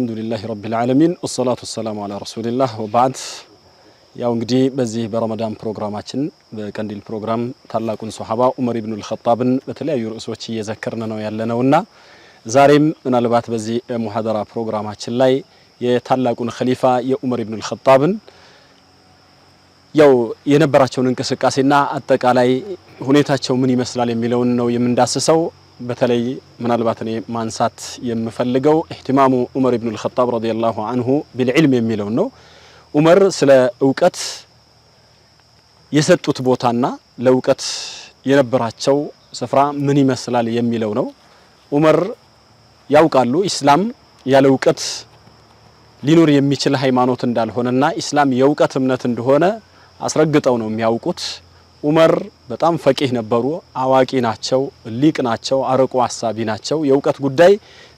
አልሐምዱሊላህ ረቢል ዓለሚን ወሰላቱ ወሰላሙ አላ ረሱሊላህ ወባዕድ። ያው እንግዲህ በዚህ በረመዳን ፕሮግራማችን በቀንዲል ፕሮግራም ታላቁን ሶሐባ ዑመር ኢብኑል ኸጣብን በተለያዩ ርዕሶች እየዘከርን ነው ያለነውና ዛሬም ምናልባት በዚህ ሙሐደራ ፕሮግራማችን ላይ የታላቁን ኸሊፋ የዑመር ኢብኑል ኸጣብን ያው የነበራቸውን እንቅስቃሴና አጠቃላይ ሁኔታቸው ምን ይመስላል የሚለውን ነው የምንዳስሰው። በተለይ ምናልባት እኔ ማንሳት የምፈልገው እህትማሙ ዑመር ኢብኑ አልኸጣብ ረዲየላሁ አንሁ ቢልዕልም የሚለውን ነው። ዑመር ስለ እውቀት የሰጡት ቦታና ለእውቀት የነበራቸው ስፍራ ምን ይመስላል የሚለው ነው። ዑመር ያውቃሉ ኢስላም ያለ እውቀት ሊኖር የሚችል ሃይማኖት እንዳልሆነና ኢስላም የእውቀት እምነት እንደሆነ አስረግጠው ነው የሚያውቁት። ኡመር በጣም ፈቂህ ነበሩ። አዋቂ ናቸው፣ ሊቅ ናቸው፣ አርቆ አሳቢ ናቸው። የእውቀት ጉዳይ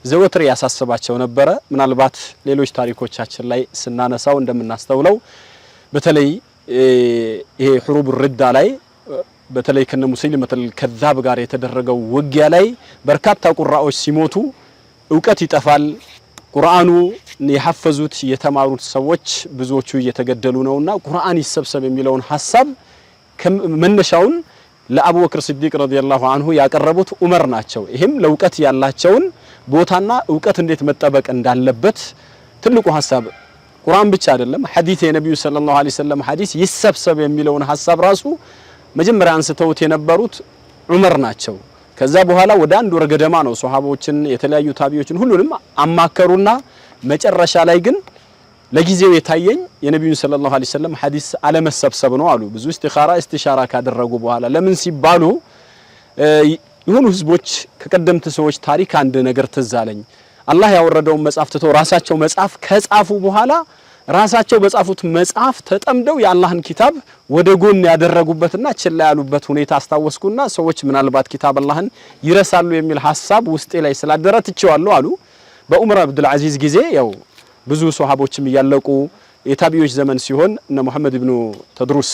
ዘወትር ያሳስባቸው ነበረ። ምናልባት ሌሎች ታሪኮቻችን ላይ ስናነሳው እንደምናስተውለው በተለይ ይሄ ሁሩብ ርዳ ላይ በተለይ ከነ ሙሰይለመተል ከዛብ ጋር የተደረገው ውጊያ ላይ በርካታ ቁራዎች ሲሞቱ እውቀት ይጠፋል። ቁርአኑ የሐፈዙት የተማሩት ሰዎች ብዙዎቹ እየተገደሉ ነውና ቁርአን ይሰብሰብ የሚለውን ሀሳብ መነሻውን ለአቡበክር ስዲቅ ረዲየላሁ አንሁ ያቀረቡት ዑመር ናቸው። ይህም ለእውቀት ያላቸውን ቦታና እውቀት እንዴት መጠበቅ እንዳለበት ትልቁ ሀሳብ ቁርአን ብቻ አይደለም ሐዲስ የነቢዩ ሰለላሁ ዐለይሂ ወሰለም ሐዲስ ይሰብሰብ የሚለውን ሀሳብ ራሱ መጀመሪያ አንስተውት የነበሩት ዑመር ናቸው። ከዛ በኋላ ወደ አንድ ወር ገደማ ነው ሶሃቦችን የተለያዩ ታቢዎችን ሁሉንም አማከሩና መጨረሻ ላይ ግን ለጊዜው የታየኝ የነቢዩ ሰለላሁ ዐለይሂ ወሰለም ሐዲስ አለመሰብሰብ ነው አሉ። ብዙ ኢስቲኻራ ኢስቲሻራ ካደረጉ በኋላ ለምን ሲባሉ የሆኑ ህዝቦች ከቀደምት ሰዎች ታሪክ አንድ ነገር ትዝ አለኝ። አላህ ያወረደውን መጽሐፍ ትተው ራሳቸው መጽሐፍ ከጻፉ በኋላ ራሳቸው በጻፉት መጽሐፍ ተጠምደው የአላህን ኪታብ ወደ ጎን ያደረጉበትና ችላ ያሉበት ሁኔታ አስታወስኩና ሰዎች ምናልባት ኪታብ አላህን ይረሳሉ የሚል ሀሳብ ውስጤ ላይ ስላደረ ትቼዋለሁ አሉ። በዑመር አብዱል አዚዝ ጊዜ ያው ብዙ ሶሃቦችም እያለቁ የታቢዎች ዘመን ሲሆን እነ ሙሐመድ ኢብኑ ተድሩስ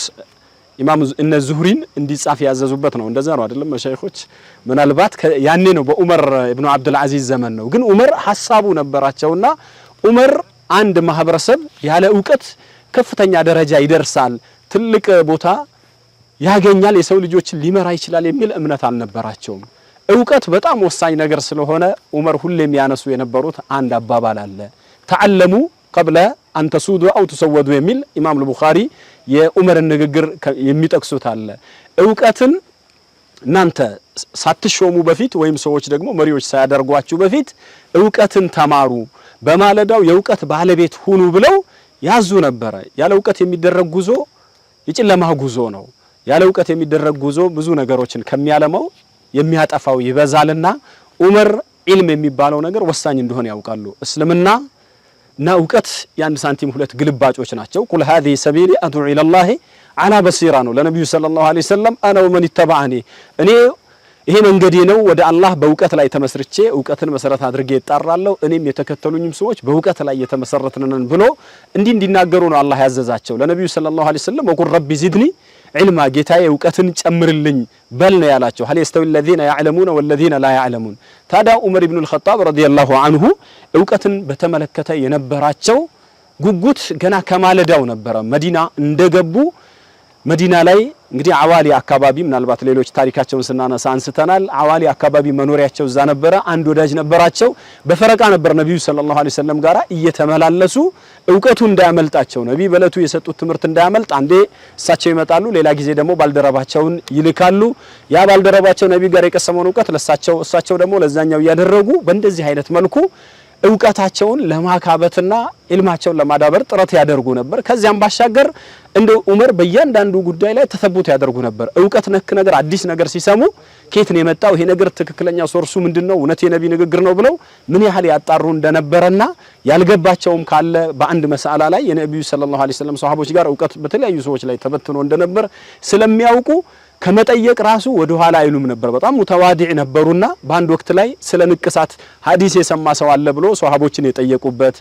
ኢማም እነ ዙሁሪን እንዲጻፍ ያዘዙበት ነው። እንደዛ ነው አይደለም መሻይኾች። ምናልባት ያኔ ነው በኡመር ኢብኑ አብዱል አዚዝ ዘመን ነው። ግን ኡመር ሀሳቡ ነበራቸውና ኡመር አንድ ማህበረሰብ ያለ እውቀት ከፍተኛ ደረጃ ይደርሳል፣ ትልቅ ቦታ ያገኛል፣ የሰው ልጆችን ሊመራ ይችላል የሚል እምነት አልነበራቸውም። እውቀት በጣም ወሳኝ ነገር ስለሆነ ኡመር ሁሌም ያነሱ የነበሩት አንድ አባባል አለ ተዓለሙ ቀብለ አንተሱዱ አው ትሰወዱ የሚል ኢማም ቡኻሪ የዑመርን ንግግር የሚጠቅሱት አለ። እውቀትን እናንተ ሳትሾሙ በፊት ወይም ሰዎች ደግሞ መሪዎች ሳያደርጓችሁ በፊት እውቀትን ተማሩ፣ በማለዳው የእውቀት ባለቤት ሁኑ ብለው ያዙ ነበረ። ያለ እውቀት የሚደረግ ጉዞ የጨለማ ጉዞ ነው። ያለ እውቀት የሚደረግ ጉዞ ብዙ ነገሮችን ከሚያለማው የሚያጠፋው ይበዛልና ዑመር ዒልም የሚባለው ነገር ወሳኝ እንደሆነ ያውቃሉ። እስልምና እና እውቀት የአንድ ሳንቲም ሁለት ግልባጮች ናቸው። ቁል ሀዚ ሰቢሊ አድዑ ኢለላሂ አላ በሲራ ነው ለነቢዩ ሰለላሁ ዐለይሂ ወሰለም አነ ወመን ይተባዐኒ እኔ ይሄ መንገዴ ነው ወደ አላህ በእውቀት ላይ ተመስርቼ እውቀትን መሰረት አድርጌ ይጣራለሁ እኔም የተከተሉኝም ሰዎች በእውቀት ላይ የተመሰረትነን ብሎ እንዲህ እንዲናገሩ ነው አላህ ያዘዛቸው ለነቢዩ ሰለላሁ ዐለይሂ ወሰለም ወቁል ረቢ ዚድኒ ዒልማ ጌታዬ እውቀትን ጨምርልኝ በል ነው ያላቸው። ሀል የስተዊ ለዚነ ያዕለሙነ ወለዚነ ላ ያዕለሙን። ታዲያ ዑመር ኢብኑ አልኸጣብ ረዲየላሁ አንሁ እውቀትን በተመለከተ የነበራቸው ጉጉት ገና ከማለዳው ነበረ። መዲና እንደገቡ መዲና ላይ እንግዲህ አዋሊ አካባቢ ምናልባት ሌሎች ታሪካቸውን ስናነሳ አንስተናል። አዋሊ አካባቢ መኖሪያቸው እዛ ነበረ። አንድ ወዳጅ ነበራቸው። በፈረቃ ነበር ነቢዩ ሰለላሁ ዐለይሂ ወሰለም ጋር እየተመላለሱ እውቀቱ እንዳያመልጣቸው ነቢይ በእለቱ የሰጡት ትምህርት እንዳያመልጥ፣ አንዴ እሳቸው ይመጣሉ፣ ሌላ ጊዜ ደግሞ ባልደረባቸውን ይልካሉ። ያ ባልደረባቸው ነቢይ ጋር የቀሰመውን እውቀት ለሳቸው እሳቸው ደግሞ ለዛኛው እያደረጉ በእንደዚህ አይነት መልኩ እውቀታቸውን ለማካበትና ኢልማቸውን ለማዳበር ጥረት ያደርጉ ነበር። ከዚያም ባሻገር እንደ ዑመር በእያንዳንዱ ጉዳይ ላይ ተሰቡት ያደርጉ ነበር። እውቀት ነክ ነገር አዲስ ነገር ሲሰሙ ኬት ነው የመጣው ይሄ ነገር ትክክለኛ ሶርሱ ምንድነው? እውነት የነቢ ንግግር ነው ብለው ምን ያህል ያጣሩ እንደነበረና ያልገባቸውም ካለ በአንድ መሳላ ላይ የነቢዩ ሰለላሁ ዐለይሂ ወሰለም ሰሃቦች ጋር እውቀት በተለያዩ ሰዎች ላይ ተበትኖ እንደነበር ስለሚያውቁ ከመጠየቅ ራሱ ወደ ኋላ አይሉም ነበር። በጣም ተዋዲዕ ነበሩና በአንድ ወቅት ላይ ስለ ንቅሳት ሐዲስ የሰማ ሰው አለ ብሎ ሶሃቦችን የጠየቁበት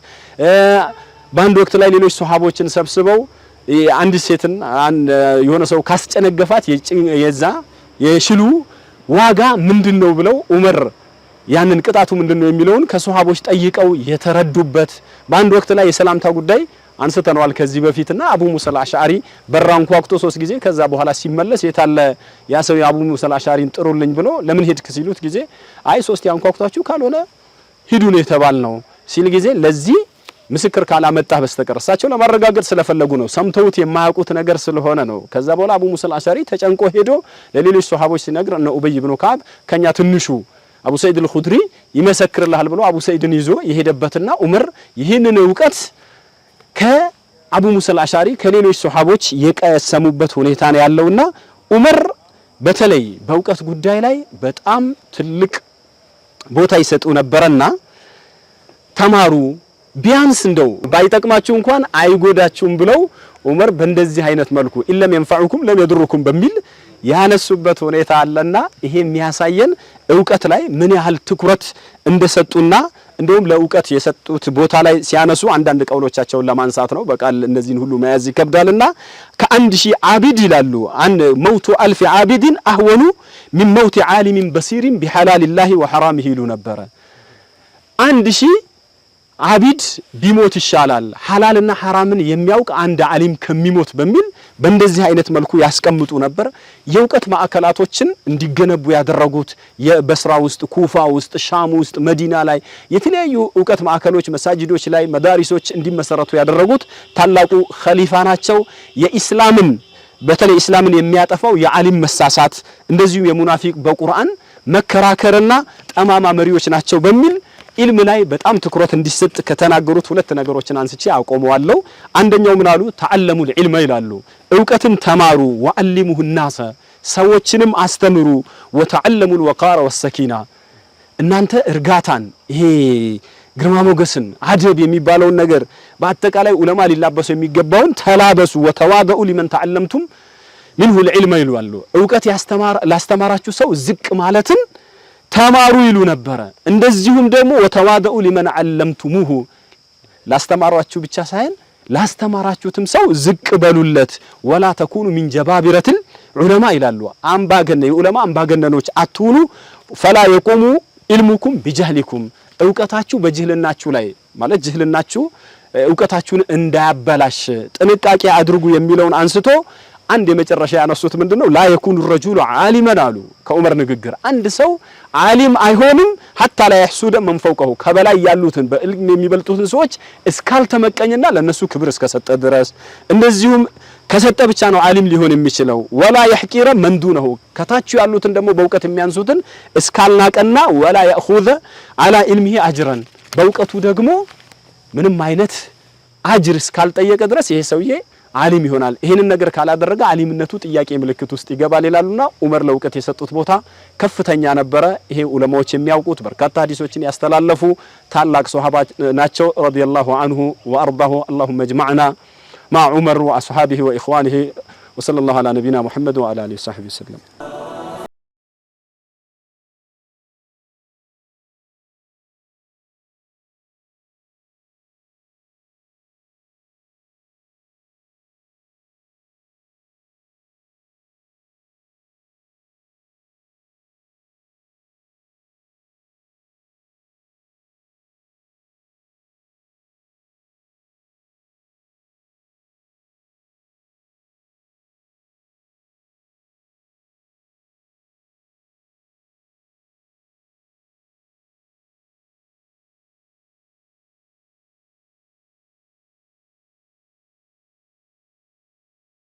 በአንድ ወቅት ላይ ሌሎች ሶሃቦችን ሰብስበው አንድ ሴትን የሆነ ሰው ካስጨነገፋት የዛ የሽሉ ዋጋ ምንድን ነው ብለው ዑመር ያንን ቅጣቱ ምንድን ነው የሚለውን ከሶሃቦች ጠይቀው የተረዱበት በአንድ ወቅት ላይ የሰላምታ ጉዳይ አንስተነዋል ከዚህ በፊትና አቡ ሙሳ አሻሪ በራን ኳክቶ ሶስት ጊዜ ከዛ በኋላ ሲመለስ የታለ ያ ሰው የአቡ ሙሳ አሻሪን ጥሩልኝ ብሎ ለምን ሄድክ ሲሉት ጊዜ አይ ሶስት ያንኳኩታችሁ ካልሆነ ሂዱ ነው የተባል ነው ሲል ጊዜ ለዚህ ምስክር ካላመጣ በስተቀር እሳቸው ለማረጋገጥ ስለፈለጉ ነው። ሰምተውት የማያውቁት ነገር ስለሆነ ነው። ከዛ በኋላ አቡ ሙሳ አሻሪ ተጨንቆ ሄዶ ለሌሎች ሶሃቦች ሲነግር እነ ኡበይ ብኑ ካብ ከኛ ትንሹ አቡ ሰዒድ አልኹድሪ ይመሰክርልሃል ብሎ አቡ ሰይድን ይዞ የሄደበትና ዑመር ይህንን እውቀት ከአቡ ሙሳ አልአሻሪ ከሌሎች ሶሐቦች የቀሰሙበት ሁኔታ ነው ያለውና ዑመር በተለይ በእውቀት ጉዳይ ላይ በጣም ትልቅ ቦታ ይሰጡ ነበረና ተማሩ ቢያንስ እንደው ባይጠቅማችሁ እንኳን አይጎዳችሁም ብለው ዑመር በእንደዚህ አይነት መልኩ ኢለም የንፋዑኩም ለም የድሩኩም በሚል ያነሱበት ሁኔታ አለና ይሄ የሚያሳየን እውቀት ላይ ምን ያህል ትኩረት እንደሰጡና እንዲሁም ለእውቀት የሰጡት ቦታ ላይ ሲያነሱ አንዳንድ ቀውሎቻቸውን ለማንሳት ነው። በቃል እነዚህን ሁሉ መያዝ ይከብዳልና ከአንድ ሺህ አቢድ ይላሉ መውቱ አልፍ አቢድን አህወኑ ሚን መውት ዓሊሚን በሲሪን ቢሐላልላሂ ወሐራሚሂ ይሉ ነበረ አንድ ሺህ አቢድ ቢሞት ይሻላል ሐላልና ሐራምን የሚያውቅ አንድ አሊም ከሚሞት በሚል በእንደዚህ አይነት መልኩ ያስቀምጡ ነበር። የእውቀት ማዕከላቶችን እንዲገነቡ ያደረጉት በስራ ውስጥ፣ ኩፋ ውስጥ፣ ሻም ውስጥ፣ መዲና ላይ የተለያዩ እውቀት ማዕከሎች መሳጅዶች ላይ መዳሪሶች እንዲመሰረቱ ያደረጉት ታላቁ ኸሊፋ ናቸው። የኢስላምን በተለይ ኢስላምን የሚያጠፋው የአሊም መሳሳት እንደዚሁም የሙናፊቅ በቁርአን መከራከርና ጠማማ መሪዎች ናቸው በሚል ኢልም ላይ በጣም ትኩረት እንዲሰጥ ከተናገሩት ሁለት ነገሮችን አንስቼ አቆመዋለሁ። አንደኛው ምን አሉ? ተአለሙ ዒልመ ይላሉ፣ እውቀትን ተማሩ። ወአሊሙሁ ናሰ ሰዎችንም አስተምሩ። ወተአለሙል ወቃረ ወሰኪና እናንተ እርጋታን ይሄ ግርማ ሞገስን አደብ የሚባለውን ነገር በአጠቃላይ ዑለማ ሊላበሱ የሚገባውን ተላበሱ። ወተዋበኡ ሊመን ተአለምቱም ምንሁ ልዕልመ አሉ። እውቀት ላስተማራችሁ ሰው ዝቅ ማለትን ተማሩ ይሉ ነበረ። እንደዚሁም ደግሞ ወተዋደኡ ሊመን አለምቱሙሁ ላስተማሯችሁ ብቻ ሳይሆን ላስተማራችሁትም ሰው ዝቅ በሉለት። ወላ ተኩኑ ሚን ጀባቢረትል ዑለማ ይላሉ። አምባገነ የዑለማ አምባገነኖች አትሁኑ። ፈላ የቁሙ ኢልሙኩም ቢጀህሊኩም እውቀታችሁ በጅህልናችሁ ላይ ማለት ጅህልናችሁ እውቀታችሁን እንዳያበላሽ ጥንቃቄ አድርጉ የሚለውን አንስቶ አንድ የመጨረሻ ያነሱት ምንድነው ላ የኩኑ ረጁሉ ዓሊመን አሉ ከዑመር ንግግር አንድ ሰው አሊም አይሆንም ሐታ ላ የሕሱደ መን ፈውቀሁ ከበላይ ያሉትን በዕልም የሚበልጡትን ሰዎች እስካልተመቀኝና ለነሱ ክብር እስከሰጠ ድረስ እንደዚሁም ከሰጠ ብቻ ነው አሊም ሊሆን የሚችለው ወላ የሕቂረ መንዱ ነው ከታች ያሉትን ደግሞ በእውቀት የሚያንሱትን እስካልናቀና ወላ የእኹዘ አላ ኢልሚሂ አጅረን በእውቀቱ ደግሞ ምንም አይነት አጅር እስካልጠየቀ ድረስ ይሄ ሰውዬ አሊም ይሆናል። ይህንን ነገር ካላደረገ አሊምነቱ ጥያቄ ምልክት ውስጥ ይገባል ይላሉና ዑመር ለእውቀት የሰጡት ቦታ ከፍተኛ ነበረ። ይሄ ዑለማዎች የሚያውቁት በርካታ ሀዲሶችን ያስተላለፉ ታላቅ ሶሃባ ናቸው። ረዲየላሁ አንሁ ወአርዳሁ አላሁመ እጅማዕና ማ ዑመር ወአስሓቢሂ ወኢኽዋኒሂ ወሰለላሁ ዓላ ነቢና ሙሐመድ ወዓላ አሊሂ ወሰሕቢሂ ወሰለም።